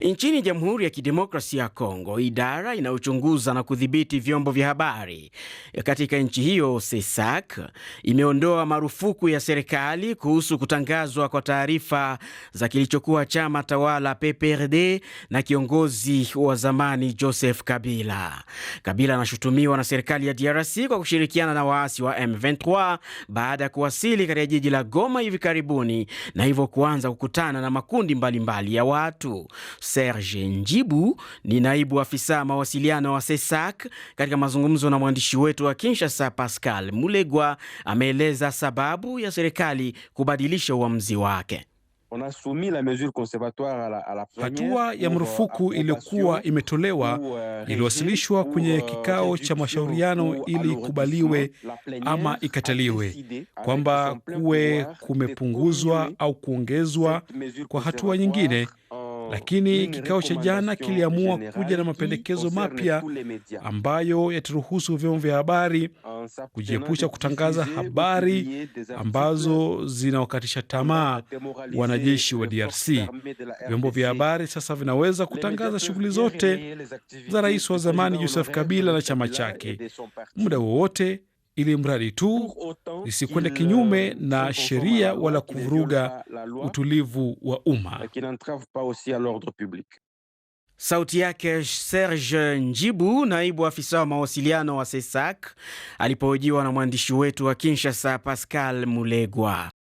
Nchini Jamhuri ya Kidemokrasia ya Kongo, idara inayochunguza na kudhibiti vyombo vya habari katika nchi hiyo SESAK imeondoa marufuku ya serikali kuhusu kutangazwa kwa taarifa za kilichokuwa chama tawala PPRD na kiongozi wa zamani Joseph Kabila. Kabila anashutumiwa na serikali ya DRC kwa kushirikiana na waasi wa M23 baada ya kuwasili katika jiji la Goma hivi karibuni na hivyo kuanza kukutana na makundi mbalimbali mbali ya watu. Serge Njibu ni naibu afisa mawasiliano wa SESAC. Katika mazungumzo na mwandishi wetu wa Kinshasa, Pascal Mulegwa ameeleza sababu ya serikali kubadilisha uamuzi wake. Hatua ya euh, marufuku iliyokuwa euh, imetolewa euh, iliwasilishwa kwenye kikao cha mashauriano ili ikubaliwe ama ikataliwe, kwamba kuwe kumepunguzwa au kuongezwa kwa hatua nyingine lakini kikao cha jana kiliamua kuja na mapendekezo mapya ambayo yataruhusu vyombo vya habari kujiepusha kutangaza habari ambazo zinawakatisha tamaa wanajeshi wa DRC. Vyombo vya habari sasa vinaweza kutangaza shughuli zote za rais wa zamani Joseph Kabila na chama chake muda wowote ili mradi tu lisikwende kinyume na sheria wala kuvuruga utulivu wa umma. Sauti yake Serge Njibu, naibu afisa wa mawasiliano wa SESAC, alipohojiwa na mwandishi wetu wa Kinshasa, Pascal Mulegwa.